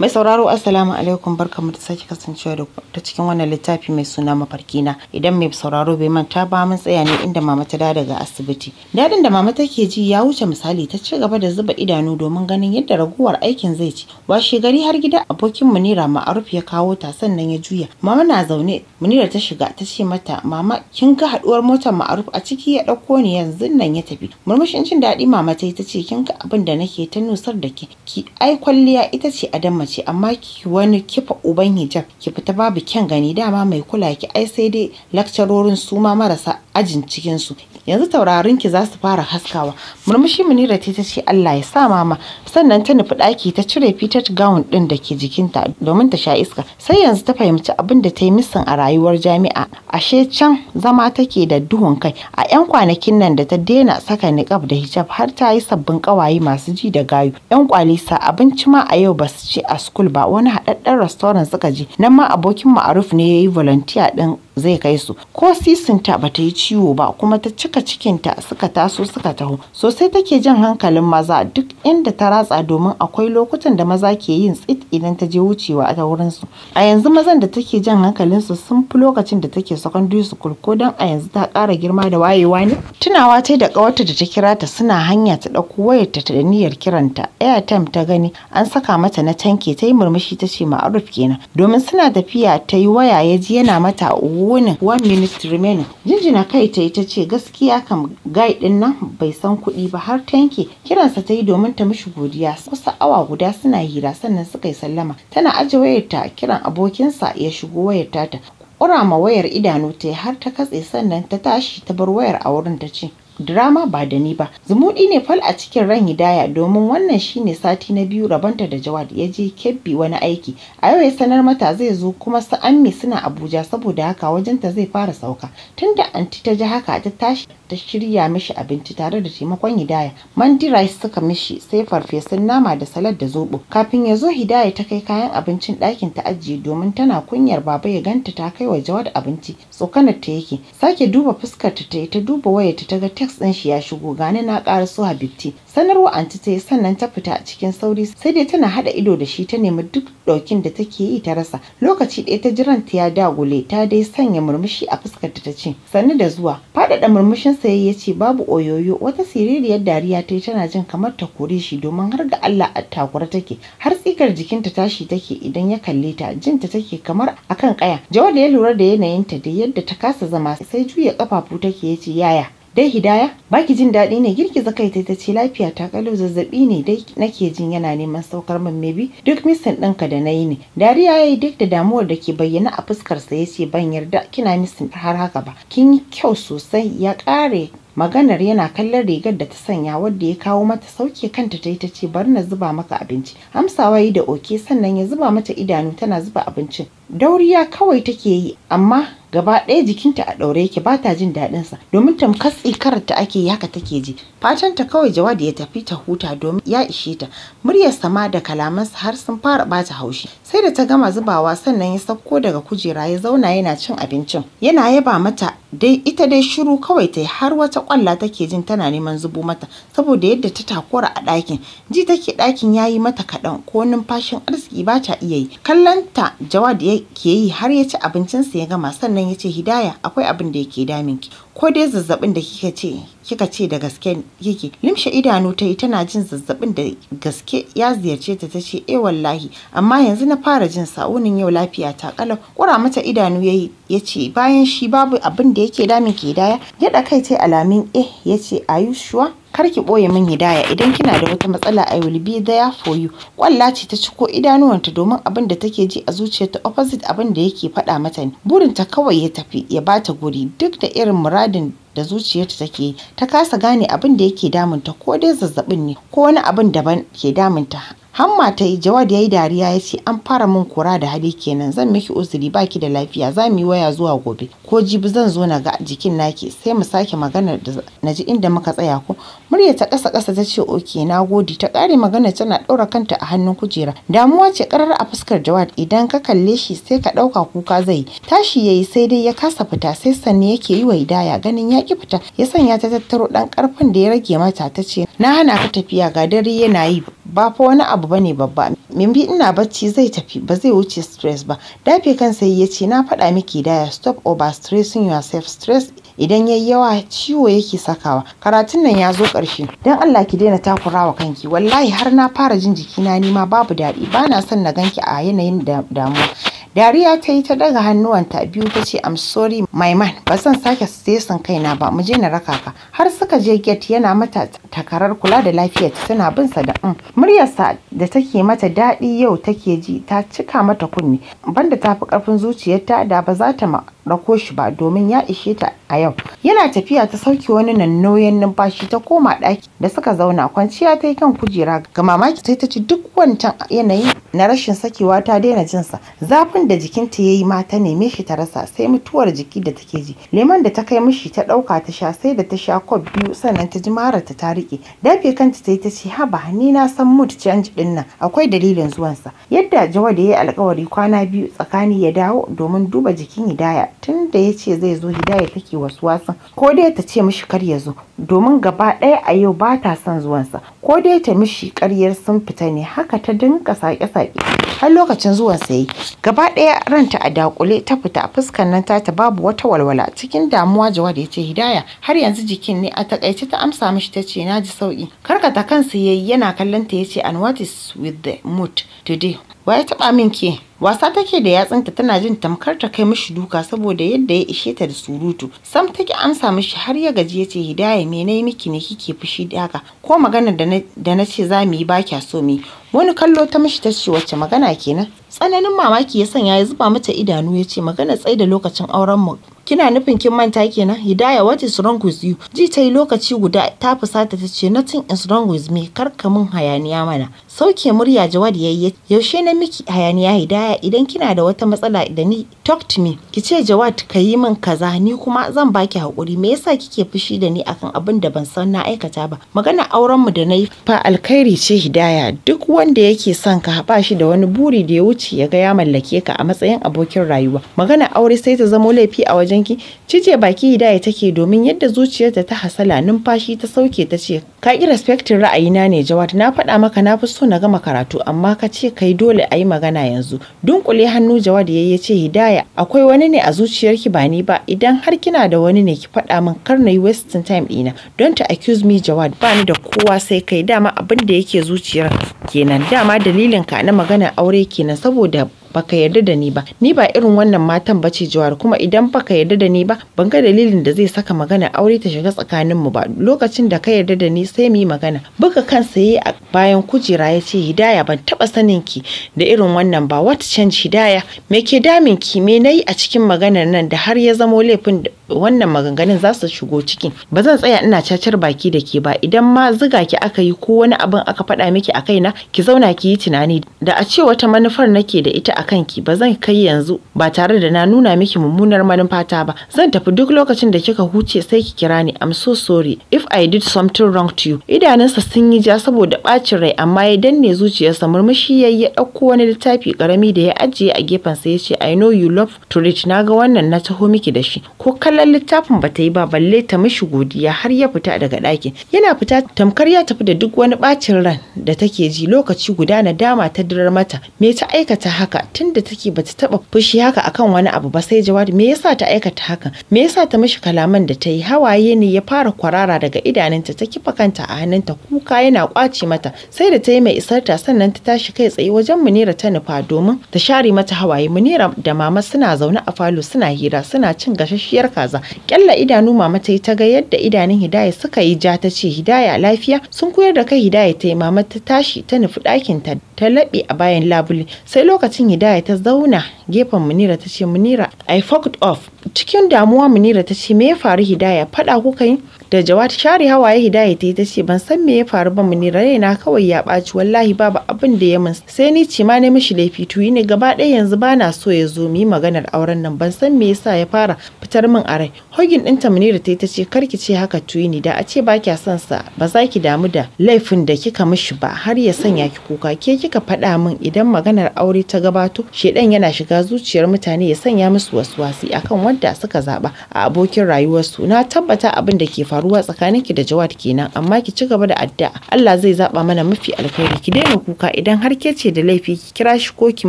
Mai sauraro Assalamu alaikum barkamu da sake kasancewa da ta cikin wannan littafi mai suna mafarki na. Idan mai sauraro bai manta ba mun tsaya ne inda mama ta dawo ga asibiti. Dadin da mama take ji ya wuce misali ta ci gaba da zuba idanu domin ganin yadda raguwar aikin zai ci. Washe gari har gida abokin Munira Ma'aruf ya kawo ta sannan ya juya. Mama na zaune Munira ta shiga ta ce mata mama kin ga haduwar motar Ma'aruf a ciki ya dauko ni yanzu nan ya tafi. Murmushin jin daɗi mama ta ce kin ga abin da nake ta nusar da ki. Ki ai kwalliya ita ce mace ce amma ki wani kifa uban hijab ki fita babu kyan gani dama mai kula ki ai sai dai lakcarorin su ma marasa ajin cikin su yanzu taurarin ki za su fara haskawa murmushi munira ta ta ce Allah ya sa mama sannan ta nufi ɗaki ta cire fitar gown ɗin da ke jikinta domin ta sha iska sai yanzu ta fahimci abin da ta yi missin a rayuwar jami'a ashe can zama take da duhun kai a 'yan kwanakin nan da ta daina saka niqab da hijab har ta yi sabbin ƙawaye masu ji da gayu 'yan kwalisa abinci ma a yau ba su ci a school ba wani haɗaɗɗen restaurant suka je nan ma abokin ma'aruf ne ya yi volunteer ɗin zai kai su ko sisinta ba ta yi ciwo ba kuma ta cika cikinta suka taso suka taho sosai take jan hankalin maza duk inda ta ratsa domin akwai lokutan da maza ke yin tsit idan ta je wucewa a wurin su a yanzu mazan da take jan hankalin su sun fi lokacin da take secondary school ko dan a yanzu ta ƙara girma da wayewa ne tunawa ta da ƙawarta da ta kira ta suna hanya ta ɗauko wayarta ta da niyyar kiranta airtime ta gani an saka mata na tanke ta yi murmushi ta ce ma'aruf kenan domin suna tafiya ta yi waya ya yana mata wunin one minute remaining jinjina kai ta yi ta ce gaskiya kam gai din nan bai san kuɗi ba har ta yanke kiransa ta yi domin ta mishi godiya kusa awa guda suna hira sannan suka yi sallama tana aje wayarta kiran abokinsa ya shigo wayar tata ma wayar idanu ta har ta katse sannan ta tashi ta bar wayar a wurin ta ce drama ba da ni ba zumuɗi ne fal a cikin ran hidaya domin wannan shine sati na biyu rabanta da jawad ya je kebbi wani aiki a yau ya sanar mata zai zo kuma su ammi suna abuja saboda haka wajenta zai fara sauka tunda anti ta ji haka ta tashi ta shirya mishi abinci tare da taimakon Hidaya. Mandi rice suka mishi sai farfesun nama da salad da zobo. Kafin ya zo Hidaya ta kai kayan abincin ɗakin ta ajiye domin tana kunyar baba ya ganta ta kai wa Jawad abinci. Tsokanar ta yake. Sake duba fuskar ta ta duba wayar ta ga text ɗin shi ya shigo gani na ƙara so Habibti. sanarwa anti ta yi sannan ta fita a cikin sauri sai dai tana hada ido da shi ta nemi duk ɗaukin da take yi ta rasa lokaci ɗaya ta jiran ta ya dagule ta dai sanya murmushi a fuskar ta ce sannu da zuwa faɗaɗa murmushin sa ya ce babu oyoyo wata siririyar dariya ta yi tana jin kamar ta kore shi domin har ga Allah a takura take har tsikar jikinta tashi take idan ya kalle ta jinta take kamar akan kaya jawad ya lura da yanayinta da yadda ta kasa zama sai juya kafafu take ya ce yaya dai hidaya baki jin daɗi ne girgiza kai ta ce lafiya ta kalo zazzabi ne dai nake jin yana neman saukar min mebi duk misin ɗinka da na yi ne dariya ya yi duk da damuwar da ke bayyana a fuskarsa ya ce ban yarda kina misin har haka ba kin yi kyau sosai ya ƙare maganar yana kallon rigar da ta sanya wadda ya kawo mata sauke kanta ta yi ta ce bari na zuba maka abinci amsawa yi da oke sannan ya zuba mata idanu tana zuba abincin dauriya kawai take yi amma gaba ɗaya jikinta a ɗaure yake ba ta jin daɗin sa domin tamkar karar ta ake haka take ji fatan ta kawai jawadi ya tafi ta huta domin ya ishe ta muryar sama da kalamansa har sun fara bata haushi sai da ta gama zubawa sannan ya sauko daga kujera ya zauna yana cin abincin yana yaba mata dai ita dai shiru kawai ta har wata kwalla take jin tana neman zubo mata saboda yadda ta takura a ɗakin ji take ɗakin yayi mata kaɗan ko numfashin arziki ba ta iya yi kallon ta jawadi ya ke yi har ya ci abincinsa ya gama sannan ya ce hidaya akwai abin da yake damin ko dai zazzabin da kika ce kika ce da gaske yake limshe idanu ta yi tana jin zazzabin da gaske ya ziyarce ta tace eh wallahi amma yanzu na fara jin sa'unin yau lafiya ta kalau kura mata idanu yayi yace bayan shi babu abin da yake damin ki hidaya yada kai tai alamin eh yace are you sure Kar ki ɓoye min Hidaya idan kina da wata matsala I will be there for you. Kwalla ce ta ciko idanuwanta domin abin da take ji a zuciyarta opposite abin da yake faɗa mata ne. Burinta kawai ya tafi ya bata guri duk da irin muradin da zuciyarta take yi ta kasa gane abin da yake damunta ko dai zazzabin ne ko wani abin daban ke damunta Hamma ta yi, Jawad ya yi dariya ya ce an fara min kura da hali kenan, zan miki uzuri baki da lafiya, za mu yi waya zuwa gobe ko jibi zan zo na ga jikin naki sai mu sake magana da na ji inda muka tsaya ko. Murya ta ƙasa ƙasa ta ce oke na gode ta ƙare magana tana ɗaura kanta a hannun kujera. Damuwa ce ƙarar a fuskar Jawad idan ka kalle shi sai ka ɗauka kuka zai yi. Tashi ya yi sai dai ya kasa fita sai sanne yake yi wa hidaya ganin ya ki fita ya sanya ta tattaro ɗan ƙarfin da ya rage mata ta ce na hana ka tafiya ga dare yana yi ba fa wani abu abu bane babba mimbi ina bacci zai tafi ba zai wuce stress ba dafe kan sai ya ce na faɗa miki daya stop over stressing yourself stress idan yayi yawa ciwo yake sakawa karatun nan ya zo ƙarshe don Allah ki daina wa kanki wallahi har na fara jin jikina nima babu daɗi na son na ganki a yanayin damuwa dariya ta yi ta daga hannuwanta biyu ta ce i'm sorry my man ba zan sake stesin kaina ba mu je na raka ka har suka je get yana mata takarar kula da lafiyar tana bin sa da um muryarsa da take mata daɗi yau take ji ta cika mata kunni banda ta fi ƙarfin zuciyarta da ba za ta ɗauko shi ba domin ya ishe ta a yau yana tafiya ta sauke wani nannoyin numfashi ta koma ɗaki da suka zauna kwanciya ta yi kan kujera ga mamaki ta ci duk wancan yanayi na rashin sakewa ta daina jinsa zafin da jikinta ya yi ma ta neme shi ta rasa sai mutuwar jiki da take ji leman da ta kai mishi ta ɗauka ta sha sai da ta sha kwab biyu sannan ta ji mararta ta riƙe dafe kanta ta yi ta ce haba ni na san mood change ɗin nan akwai dalilin zuwansa yadda da ya yi alkawari kwana biyu tsakani ya dawo domin duba jikin hidaya tun da ya ce zai zo hidaya take wasu wasan. ko dai ta ce mishi kar ya zo domin gaba ɗaya a yau ba ta son zuwansa ko dai ta mishi karyar sun fita ne haka ta dinka sake-sake har lokacin zuwansa yi gaba ɗaya ranta a dakule ta fita fuskar nan ta ta babu wata walwala cikin damuwa jawad ya ce hidaya har yanzu jikin ne a takaice ta amsa mishi ta ce na ji sauki karkata kansa yayi yana kallon ta ya ce and what is with the mood today wa ya taɓa min ke wasa take da yatsunta tana jin tamkar ta kai mishi duka saboda yadda ya ishe ta da surutu sam take amsa mishi har ya gaji ya ce hidaya me nayi miki ne kike fushi haka ko magana da na ce za mu yi bakya so mi wani kallo ta mishi ta ce wacce magana kenan tsananin mamaki ya sanya ya zuba mata idanu ya ce magana tsai da lokacin auren mu kina nufin kin manta kenan hidaya what is wrong with you ji ta yi lokaci guda ta fusata ta ce nothing is wrong with me kar ka mun hayaniya mana Sauke murya Jawad yayi yaushe na miki hayaniya hidaya idan kina da wata matsala da ni talk to me ki ce Jawad ka yi min kaza ni kuma zan baki hakuri me yasa kike fushi da ni akan abin da ban san na aikata ba magana auren mu da nayi fa alkhairi ce hidaya duk wanda yake son ka ba shi da wani buri da ya wuce ya ga ya mallake ka a matsayin abokin rayuwa magana aure sai ta zamo laifi a wajen ki cije baki hidaya take domin yadda zuciyarta ta hasala numfashi ta sauke ta ce ka ki respectin ra'ayina ne Jawad na faɗa maka na fi so so na gama karatu amma ka ce kai dole a yi magana yanzu dunkule hannu jawadi ya ce hidaya akwai wani ne a zuciyarki ba ni ba idan har kina da wani ne ki faɗa min kar na yi wasting time ɗina don ta accuse me jawad ba ni da kowa sai kai dama abin da yake zuciyar kenan dama dalilin ka na magana aure kenan saboda baka yarda da ni ba ni ba irin wannan matan bace jawar kuma idan baka yarda da ni ba ban ga dalilin da zai saka magana aure ta shiga tsakanin mu ba lokacin da ka yarda da ni sai mu yi magana buga kansa yayi a bayan kujera ya ce hidaya ban taba sanin ki da irin wannan ba what change hidaya me ke damin ki me nayi a cikin maganar nan da har ya zamo laifin wannan maganganun za su shigo ciki ba zan tsaya ina cacar baki da ke ba idan ma ziga ki aka yi ko wani abin aka faɗa miki a kaina ki zauna ki yi tunani da a ce wata manufar nake da ita a kanki ba zan kai yanzu ba tare da na nuna miki mummunar manufata ba zan tafi duk lokacin da kika huce sai ki kira ni I'm so sorry if I did something wrong to you idanunsa sun yi ja saboda ɓacin rai amma ya danne zuciyarsa murmushi ya ya ɗauko wani littafi karami da ya ajiye a gefensa ya ce I know you love to read na ga wannan na taho miki da shi ko kallon kallon littafin ba ta yi ba balle ta mishi godiya har ya fita daga ɗakin yana fita tamkar ya tafi da duk wani bacin ran da take ji lokaci guda na dama ta dirar mata me ta aikata haka tunda take bata taɓa fushi haka akan wani abu ba sai jawabi me yasa ta aikata haka me yasa ta mishi kalaman da ta yi hawaye ne ya fara kwarara daga idanunta ta kifa kanta a hannunta kuka yana kwace mata sai da ta yi mai isar ta, sannan ta tashi kai tsaye wajen munira ta nufa domin ta share mata hawaye munira da mama suna zaune a falo suna hira suna cin gashashiyar kaza kaza. kyalla idanu mama ta yi ta ga yadda idanun hidaya suka yi ja ta ce hidaya lafiya sun koyar da kai hidaya ta yi mama ta tashi ta nufi ɗakin ta ta laɓe a bayan labule sai lokacin hidaya ta zauna gefen munira ta ce munira i fucked off cikin damuwa munira ta ce me ya faru hidaya faɗa kuka yi da jawad share hawaye hidaya ta ta ce ban san me ya faru ba muni rai na kawai ya ɓaci wallahi babu abin da ya min sai ni ce ma ne mishi laifi tuyi ne gaba ɗaya yanzu ba na so ya zo mi maganar auren nan ban san me yasa ya fara fitar min a rai hogin ɗinta munira ta ta ce ki ce haka tuyi ni da a ce ba kya son sa ba za ki damu da laifin da kika mishi ba har ya sanya ki kuka ke kika faɗa min idan maganar aure ta gabato shedan yana shiga zuciyar mutane ya sanya musu wasu wasi akan wanda suka zaba a abokin rayuwarsu na tabbata abin da ke faru faruwa ki da Jawad kenan amma ki ci gaba da addu'a Allah zai zaba mana mafi alkhairi ki daina kuka idan har ke ce da laifi ki kira shi ko ki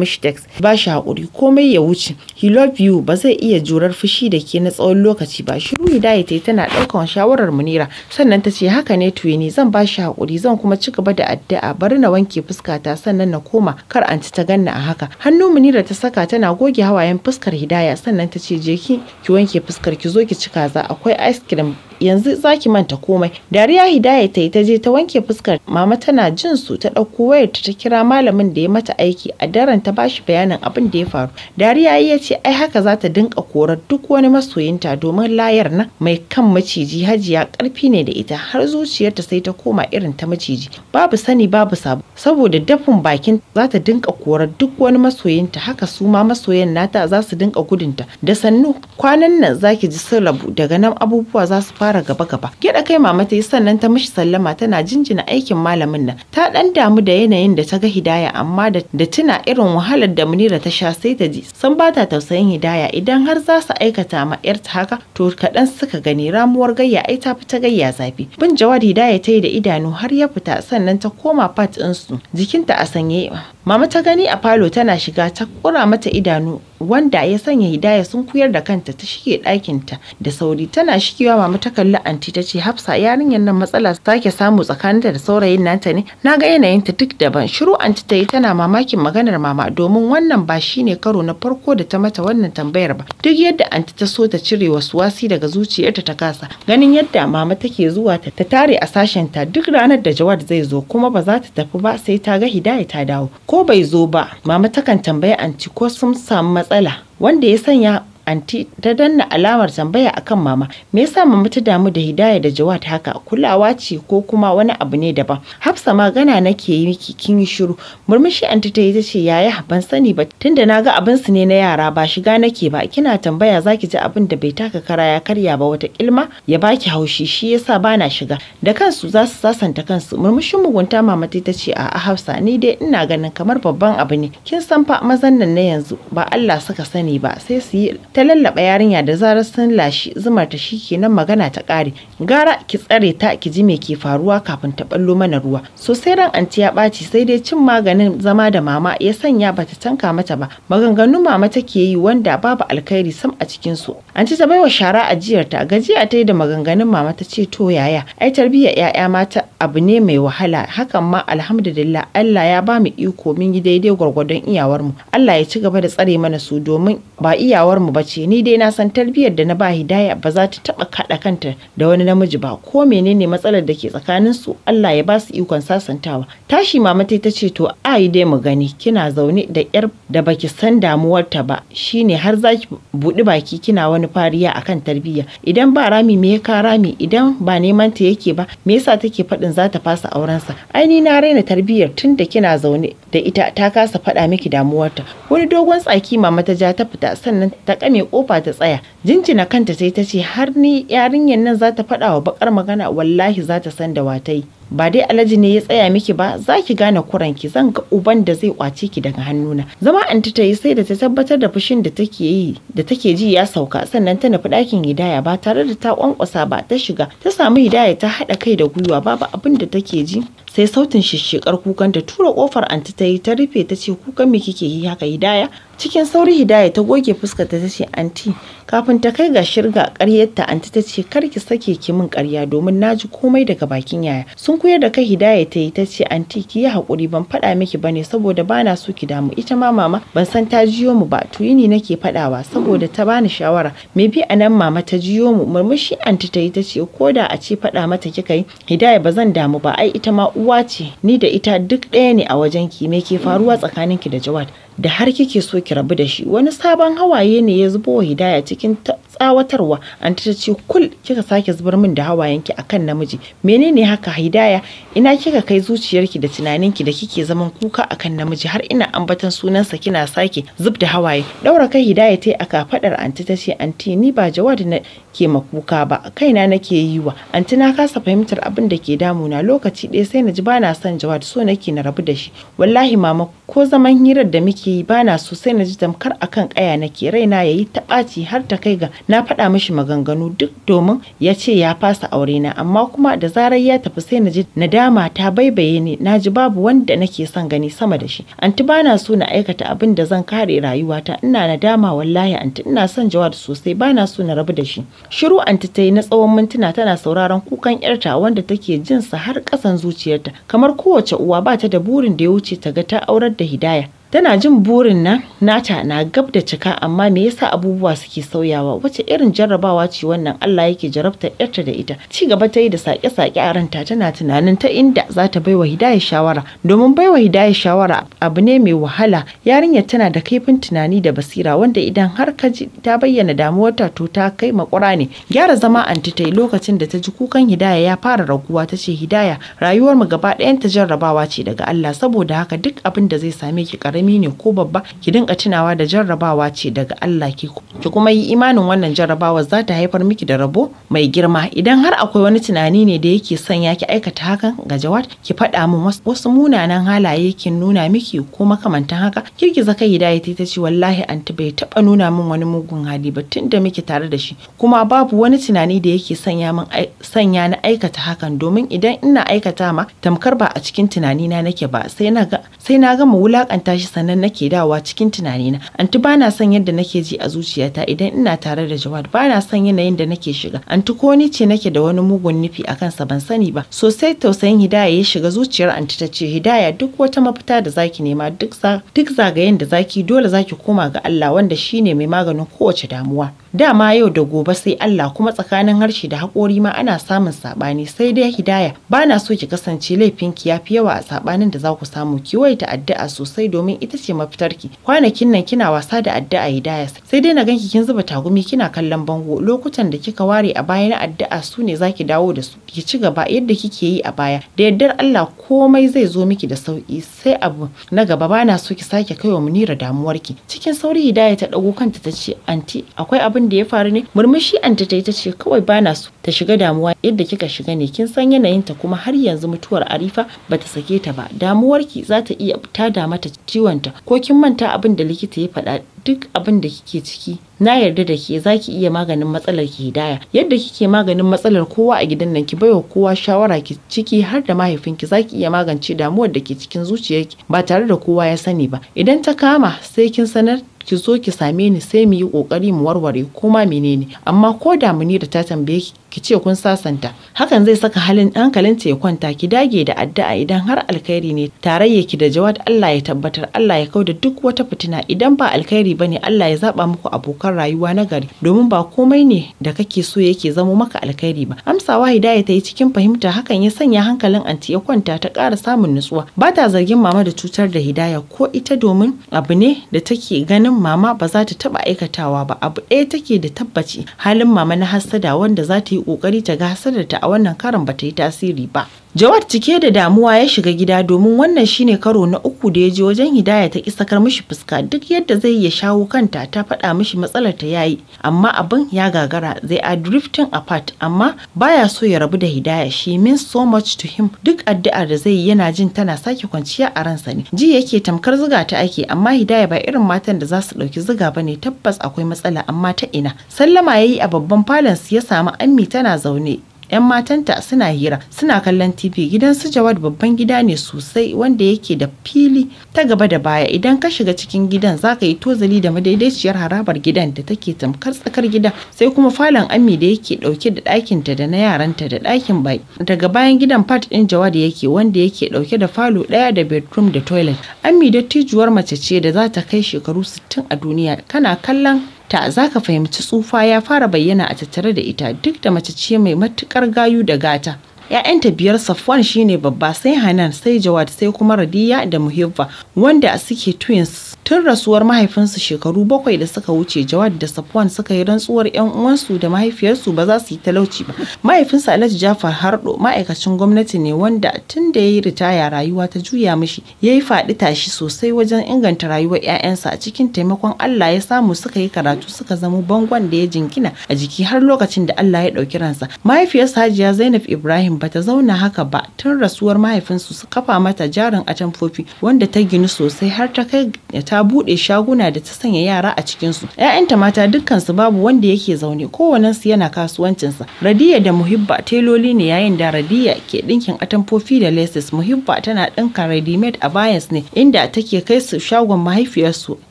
mishi text ba shi hakuri komai ya wuce he love you ba zai iya jurar fushi da ke na tsawon lokaci ba shiru da tayi tana daukan shawarar Munira sannan ta ce haka ne ne zan ba shi hakuri zan kuma ci gaba da addu'a bari na wanke fuskata sannan na koma kar an ci ta ganna a haka hannu Munira ta saka tana goge hawayen fuskar Hidaya sannan ta ce je ki ki wanke fuskar ki zo ki ci kaza akwai ice cream yanzu zaki manta komai dariya hidaya ta yi ta je ta wanke fuskar mama tana jin su ta ɗauko wayar ta kira malamin da ya mata aiki a daren ta bashi bayanin abin da ya faru dariya ya ce ai haka za ta dinka korar duk wani masoyinta domin layar na. mai kan maciji hajiya ƙarfi ne da ita har zuciyarta sai ta koma irin ta maciji babu sani babu sabo saboda dafin bakin za ta dinka korar duk wani masoyinta haka su ma masoyan nata za su dinka gudunta da sannu kwanan nan zaki ji sun daga nan abubuwa za su fara fara gaba-gaba. Gyaɗa kai mama ta yi sannan ta mishi sallama tana jinjina aikin malamin nan. Ta ɗan damu da yanayin da ta ga Hidaya amma da tuna irin wahalar da Munira ta sha sai ta ji. San ba ta tausayin Hidaya idan har za su aikata ma 'yarta haka to kaɗan suka gani ramuwar gayya ai ta fita ta gayya zafi. Bin jawar Hidaya ta yi da idanu har ya fita sannan ta koma pat ɗinsu jikinta a sanye. Mama ta gani a falo tana shiga ta kura mata idanu wanda ya sanya Hidaya sun kuyar da kanta ta shige ɗakinta da sauri tana shigewa mama ta kalli anti ta ce hafsa yarinyar nan matsala ta ke samu tsakaninta da saurayin nata ne na ga yanayinta duk daban shiru anti ta yi tana mamakin maganar mama domin wannan ba shi ne karo na farko da ta mata wannan tambayar ba duk yadda anti ta so ta cire wasu wasi daga zuciyarta ta kasa ganin yadda mama take zuwa ta ta tare a sashen ta duk ranar da jawad zai zo kuma ba za ta tafi ba sai ta ga hidaya ta dawo ko bai zo ba mama takan tambaya anti ko sun samu matsala wanda ya sanya anti ta danna alamar tambaya akan mama me yasa mama ta damu da hidaya da jawad haka kulawa ce ko kuma wani abu ne daban hafsa magana nake yi miki kin yi shiru murmushi anti ta yi ta ce yaya ban sani ba tunda na ga abin su ne na yara ba shiga nake ba kina tambaya zaki ji abin da bai taka kara ya karya ba wata kilma ya baki haushi shi yasa bana shiga da kansu za su sasanta kansu murmushin mugunta mama ta ce a hafsa ni dai ina ganin kamar babban abu ne kin san fa mazan nan na yanzu ba Allah suka sani ba sai su yi ta lallaba yarinya da zarar sun lashe zumar ta kenan magana ta kare gara ki tsare ta ki ji me ke faruwa kafin ta ballo mana ruwa sosai ran anti ya ɓaci sai dai cin maganin zama da mama ya sanya bata tanka mata ba maganganu mama take yi wanda babu alkhairi sam a cikin su anti ta baiwa shara ajiyar ta gajiya ta yi da maganganun mama ta ce to yaya ai tarbiyyar yaya mata abu ne mai wahala hakan ma alhamdulillah Allah ya ba mu iko mun yi daidai gwargwadon iyawarmu. Allah ya ci gaba da tsare mana su domin ba iyawarmu mu ce ni dai na san tarbiyyar da na ba hidaya ba za ta taba kada kanta da wani namiji ba ko menene matsalar da ke tsakanin su Allah ya ba su ikon sasantawa tashi mama ta ce to ai dai mu gani kina zaune da yar da baki san damuwarta ba shine har zaki ki buɗi baki kina wani fariya akan tarbiyya idan ba rami me ya ka rami idan ba neman ta yake ba me yasa take faɗin za ta fasa aurensa ai ni na raina tarbiyyar tun da kina zaune da ita ta kasa faɗa miki damuwarta wani dogon tsaki mama ta ja ta fita sannan ta mai kofa ta tsaya jinjina kanta sai ta ce har ni yarinyar nan za ta faɗa wa bakar magana wallahi za ta san da watai ba dai alhaji ne ya tsaya miki ba za ki gane kuranki zan ga uban da zai kwace ki daga hannuna zama anti ta yi sai da ta tabbatar da fushin da take yi da take ji ya sauka sannan ta nufi ɗakin hidaya ba tare da ta kwankwasa ba ta shiga ta samu hidaya ta haɗa kai da gwiwa babu abin da take ji sai sautin shishshikar kukan da tura kofar anti ta yi ta rufe ta ce kukan me kike yi haka hidaya cikin sauri hidaya ta goge fuskar ta ce anti kafin ta kai ga shirga ƙaryarta anti ta ce kar ki sake ki min karya domin na ji komai daga bakin yaya sun koyar da kai hidaya ta yi ta ce anti ki yi haƙuri ban faɗa miki ba ne saboda bana na so ki damu ita ma mama ban san ta jiyo mu ba to yini nake faɗawa saboda ta bani shawara me bi a nan mama ta jiyo mu murmushi anti ta yi ta ce ko da a ce faɗa mata kika yi hidaya ba zan damu ba ai ita ma uwa ce ni da ita duk ɗaya ne a wajen ki me ke faruwa tsakaninki da jawad da har kike so ki rabu da shi wani sabon hawaye ne ya zubo wa hidaya cikin tsawatarwa an ta ce kul kika sake zubar min da hawayenki akan namiji menene haka hidaya ina kika kai zuciyarki da tunaninki da kike zaman kuka akan namiji har ina ambaton sunansa kina sake zub da hawaye daura kai hidaya tai aka fadar anti ta ce anti ni ba jawadi na ke makuka ba kaina nake yi wa anti na kasa fahimtar abin da ke damuna lokaci ɗaya sai na ji bana son jawadi so nake na rabu da shi wallahi mama ko zaman hirar da muke yi bana so sai na ji tamkar akan kaya nake raina yayi ta ɓaci har ta kai ga na faɗa mishi maganganu duk domin ya ce ya fasa aure na amma kuma da zarar ya tafi sai na ji nadama ta baibaye ni na ji babu wanda nake son gani sama da shi anti bana so na aikata abin da zan kare rayuwata ina nadama wallahi anti ina son jawad sosai bana so na rabu da shi shiru anti ta yi na tsawon mintuna tana sauraron kukan yarta wanda take jin sa har ƙasan zuciyarta kamar kowace uwa ba ta da burin da ya wuce ta ga ta aurar da hidaya Tana jin burin nan nata na gab da cika amma me yasa abubuwa suke sauyawa wace irin jarrabawa ce wannan Allah yake jarabta yarta da ita ci gaba ta yi da sake-sake a ranta tana tunanin ta inda za ta baiwa Hidaya shawara domin baiwa Hidaya shawara abu ne mai wahala yarinyar tana da kaifin tunani da basira wanda idan har ka ji ta bayyana damuwarta to ta kai makura ne gyara zama anti ta lokacin da ta ji kukan Hidaya ya fara raguwa ta ce Hidaya rayuwar mu gaba ɗayan ta jarrabawa ce daga Allah saboda haka duk abin da zai same ki ƙarai karami ne ko babba ki dinga tunawa da jarrabawa ce daga Allah ki ki kuma yi imanin wannan jarrabawa za ta haifar miki da rabo mai girma idan har akwai wani tunani ne da yake sanya ki aikata hakan ga jawad ki faɗa min wasu munanan halaye ki nuna miki ko makamantan haka girgiza kai hidayati ta ce wallahi anti bai taɓa nuna min wani mugun hali ba tunda miki tare da shi kuma babu wani tunani da yake sanya min sanya na aikata hakan domin idan ina aikata ma tamkar ba a cikin tunanina nake ba sai na ga sai na gama wulakanta shi sannan nake dawowa cikin tunanina anti bana son yadda nake ji a zuciyata idan ina tare da Jawad bana son yanayin da nake shiga anti ko ni ce nake da wani mugun nufi a kansa ban sani ba sosai tausayin Hidaya ya shiga zuciyar anti ta ce Hidaya duk wata mafita da zaki nema duk duk zagayen da zaki dole zaki koma ga Allah wanda shine mai maganin kowace damuwa dama yau da gobe sai Allah kuma tsakanin harshe da haƙori ma ana samun saɓani sai dai hidaya ba na so ki kasance laifinki ya fi yawa a saɓanin da za ku samu ki waita addu'a sosai domin ita ce mafitarki kwanakin nan kina wasa da addu'a Hidaya. sai dai na ganki kin zuba tagumi kina kallon bango lokutan da kika ware a baya na addu'a su ne zaki dawo da su ki ci gaba yadda kike yi a baya da yardar Allah komai zai zo miki da sauki sai abu na gaba bana so ki sake kai wa munira damuwarki cikin sauri hidaya ta dago kanta ta ce anti akwai abin da ya faru ne murmushi anti ta ta ce kawai bana so ta shiga damuwa yadda kika shiga ne kin san yanayinta kuma har yanzu mutuwar Arifa bata sake ta ba damuwarki za ta iya ta mata ciwon ciwonta ko kin manta abin da likita ya faɗa duk abin da kike ciki na yarda da ke za ki iya maganin matsalar ki hidaya yadda kike maganin matsalar kowa a gidan nan ki baiwa kowa shawara ki ciki har da mahaifinki za ki iya magance damuwar da ke cikin zuciyarki ba tare da kowa ya sani ba idan ta kama sai kin sanar ki zo ki same ni sai mu yi kokari mu warware koma menene amma ko da mu da ta tambaye ki ki ce kun sasanta hakan zai saka halin hankalin ya kwanta ki dage da addu'a idan har alkhairi ne tarayya ki da jawad Allah ya tabbatar Allah ya kauda duk wata fitina idan ba alkhairi bane Allah ya zaba muku abokan rayuwa na gari domin ba komai ne da kake so yake zamo maka alkhairi ba amsawa hidaya ta yi cikin fahimta hakan ya sanya hankalin anti ya kwanta ta ƙara samun nutsuwa ba ta zargin mama da cutar da hidaya ko ita domin abu ne da take ganin mama ba za ta taba aikatawa ba abu ɗaya take da tabbaci halin mama na hassada wanda za ta yi kokari ƙoƙari ta gasar da ta a wannan karan ba ta yi tasiri ba. Jawad cike da damuwa ya shiga gida domin wannan shine karo na uku da ya je wajen Hidaya ta ki sakar mishi fuska duk yadda zai ya shawo kanta ta faɗa mishi matsalar ta yayi amma abin ya gagara they are drifting apart amma baya so ya rabu da Hidaya she means so much to him duk addu'ar da zai yi yana jin tana sake kwanciya a ransa ne ji yake tamkar zuga ta ake amma Hidaya ba irin matan da za su ɗauki zuga ne. tabbas akwai matsala amma ta ina sallama yayi a babban falon ya samu Ammi tana zaune 'yan matanta suna hira suna kallon tv gidan su jawad babban gida ne sosai wanda yake da fili ta gaba da baya idan ka shiga cikin gidan za ka yi tozali da madaidaiciyar harabar gidan da take tamkar tsakar gida sai kuma falon ami da yake dauke da ɗakinta da na yaranta da ɗakin bai daga bayan gidan pat ɗin jawad yake wanda yake dauke da falo ɗaya da bedroom da toilet ami dattijuwar mace ce da za ta kai shekaru 60 a duniya kana kallon ta za ka fahimci tsufa ya fara bayyana a tattare da ita duk da mace ce mai matuƙar gayu da gata 'ya'yanta biyar safwan shine babba sai hanan sai jawad sai kuma radiya da muhibba wanda suke twins tun rasuwar mahaifinsu shekaru bakwai da suka wuce jawad da safwan suka yi rantsuwar 'yan uwansu da mahaifiyarsu ba za su yi talauci ba mahaifinsa alhaji jafar hardo ma'aikacin gwamnati ne wanda tun da ya yi ritaya rayuwa ta juya mishi ya yi faɗi tashi sosai wajen inganta rayuwar 'ya'yansa a cikin taimakon allah ya samu suka yi karatu suka zamo bangon da ya jingina a jiki har lokacin da allah ya ɗauki ransa mahaifiyarsa hajiya zainab ibrahim ba ta zauna haka ba tun rasuwar mahaifinsu su kafa mata jarin atamfofi wanda ta gini sosai har ta kai ta bude shaguna da ta sanya yara a cikinsu. 'Ya'yanta mata dukkansu babu wanda yake zaune su yana kasuwancinsa. Radiya da Muhibba teloli ne yayin da Radiya ke ɗinkin atamfofi da laces Muhibba tana ɗinka ready a bayans ne inda take kai su shagon mahaifiyarsu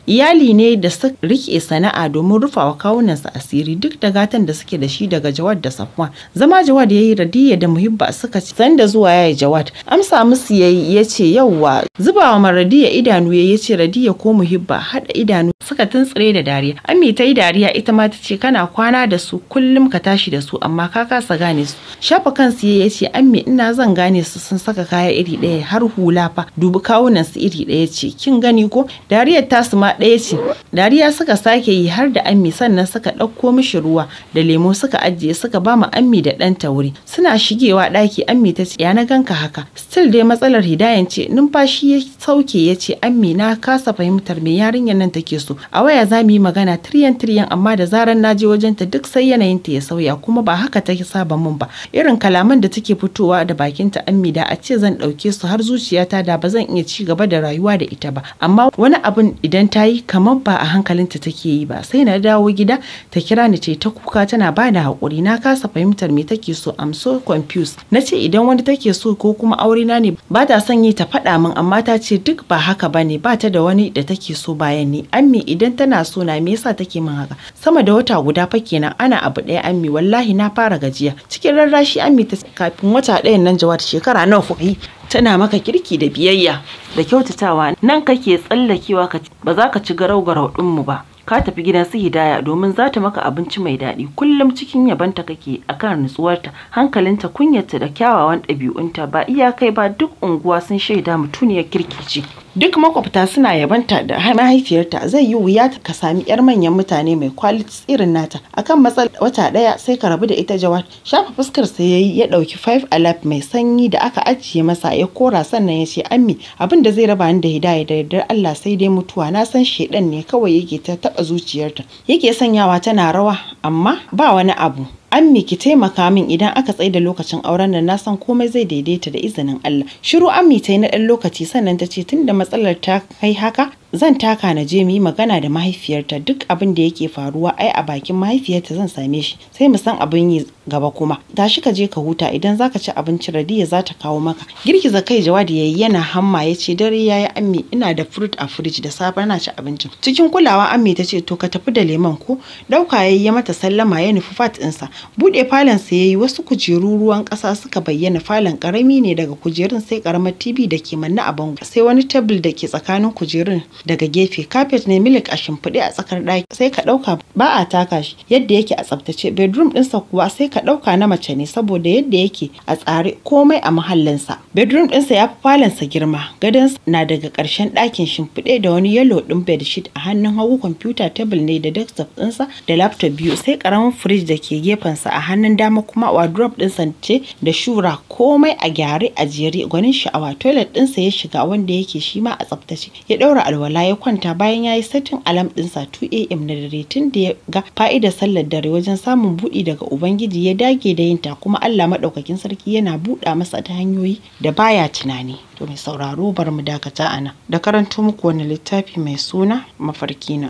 iyali ne da su rike sana'a domin rufa wa kawunansu asiri duk da gatan da suke da shi daga jawad da safwa zama jawad ya yi radiyya da muhibba suka ci sanda zuwa ya jawad amsa musu ya yi ya ce yauwa zuba ma radiyya idanu ya ce radiyya ko muhibba haɗa idanu suka tuntsire da dariya ammi ta yi dariya ita ma ta ce kana kwana da su kullum ka tashi da su amma ka kasa gane su shafa kansu ya ce ami ina zan gane su sun saka kaya iri ɗaya har hula fa dubi kawunansu iri ɗaya ce kin gani ko dariyar su ma ɗaya ce dariya suka sake yi har da ammi sannan suka ɗauko mishi ruwa da lemo suka ajiye suka ba ma ammi da ɗanta wuri suna shigewa ɗaki ammi ta ce ya na ganka haka still dai matsalar hidayan ce numfashi ya sauke ya ce ammi na kasa fahimtar me yarinyar nan take so a waya za mu yi magana tiriyan tiriyan amma da zaran na je wajenta duk sai yanayin ta ya sauya kuma ba haka ta saba mun ba irin kalaman da take fitowa da bakinta ammi da a ce zan ɗauke su har zuciyata da ba zan iya ci gaba da rayuwa da ita ba amma wani abin idan ta ai kamar ba a hankalinta take yi ba sai na dawo gida ta kira ni ce ta kuka tana ba da haƙuri na kasa fahimtar me take so am so confused na ce idan wani take so ko kuma aure na ne ba ta son yi ta faɗa min amma ta ce duk ba haka ba ne ba ta da wani da take so bayan ni ammi idan tana so na me yasa take min haka sama da wata guda fa kenan ana abu ɗaya ammi wallahi na fara gajiya cikin rarrashi ammi ta kafin wata ɗayan nan jawad shekara nawa kuka yi tana maka kirki da biyayya da kyautatawa nan kake tsallakewa ba za ka ci garau garau mu ba ka tafi gidan su hidaya domin za ta maka abinci mai daɗi kullum cikin yabanta kake kan nutsuwarta hankalinta kunyarta da kyawawan ɗabi'unta ba iyakai ba duk unguwa sun shaida mutuniyar kirki ce duk makwabta suna yabanta da mahaifiyarta zai yi wuya ka sami yar manyan mutane mai kwalit irin nata akan matsal wata daya sai ka rabu da ita jawad shafa fuskar sa yayi ya dauki five alap mai sanyi da aka ajiye masa ya kora sannan ya ce ammi abin da zai raba ni da hidaya da yardar Allah sai dai mutuwa na san shedan ne kawai yake ta taba zuciyarta yake sanyawa tana rawa amma ba wani abu Ammi ki taimaka min idan aka tsaye da lokacin auren nan na san komai zai daidaita da izinin Allah. Shiru Ammi ta na ɗan lokaci sannan ta ce tunda matsalar ta kai haka zan taka na je mu yi magana da mahaifiyarta duk abin da yake faruwa ai a bakin mahaifiyarta zan same shi sai mu san abin yi gaba kuma tashi ka je ka huta idan zaka ci abinci radiya za ta kawo maka girgiza kai jawadi yayi yana hamma ya ce dare yayi ammi ina da fruit a fridge da safe na ci abincin cikin kulawa ammi ta ce to ka tafi da lemon ko dauka yayi ya mata sallama ya nufi fat ɗinsa bude falon sa yayi wasu kujeru ruwan kasa suka bayyana falon karami ne daga kujerun sai karamar tv da ke manna a bango sai wani table da ke tsakanin kujerun daga gefe kafet ne milik a shimfiɗe a tsakar ɗaki sai ka ɗauka ba a taka shi yadda yake a tsaftace bedroom ɗinsa kuwa sai ka ɗauka na mace ne saboda yadda yake a tsare komai a muhallinsa. bedroom ɗinsa ya fi falonsa girma gadon na daga ƙarshen ɗakin shimfiɗe da wani yalo ɗin bedsheet a hannun hagu kwamfuta table ne da desktop ɗinsa da laptop biyu sai ƙaramin fridge da ke gefensa a hannun dama kuma wardrobe ɗinsa ce da shura komai a gyare a jere gwanin sha'awa toilet ɗinsa ya shiga wanda yake shi ma a tsaftace ya ɗaura alwala alwala ya kwanta bayan ya yi satin alam dinsa 2 am na dare tun da ya ga fa'idar sallar dare wajen samun buɗi daga ubangiji ya dage da yinta kuma allah maɗaukakin sarki yana buɗa masa ta hanyoyi da baya tunani to mai sauraro bar mu dakata ana da karanto muku wani littafi mai suna mafarkina.